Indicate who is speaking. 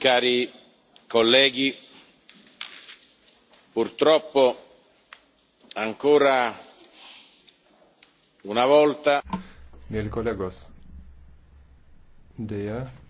Speaker 1: cari colleghi purtroppo
Speaker 2: ancora una volta.
Speaker 3: mieli kolegos
Speaker 4: deja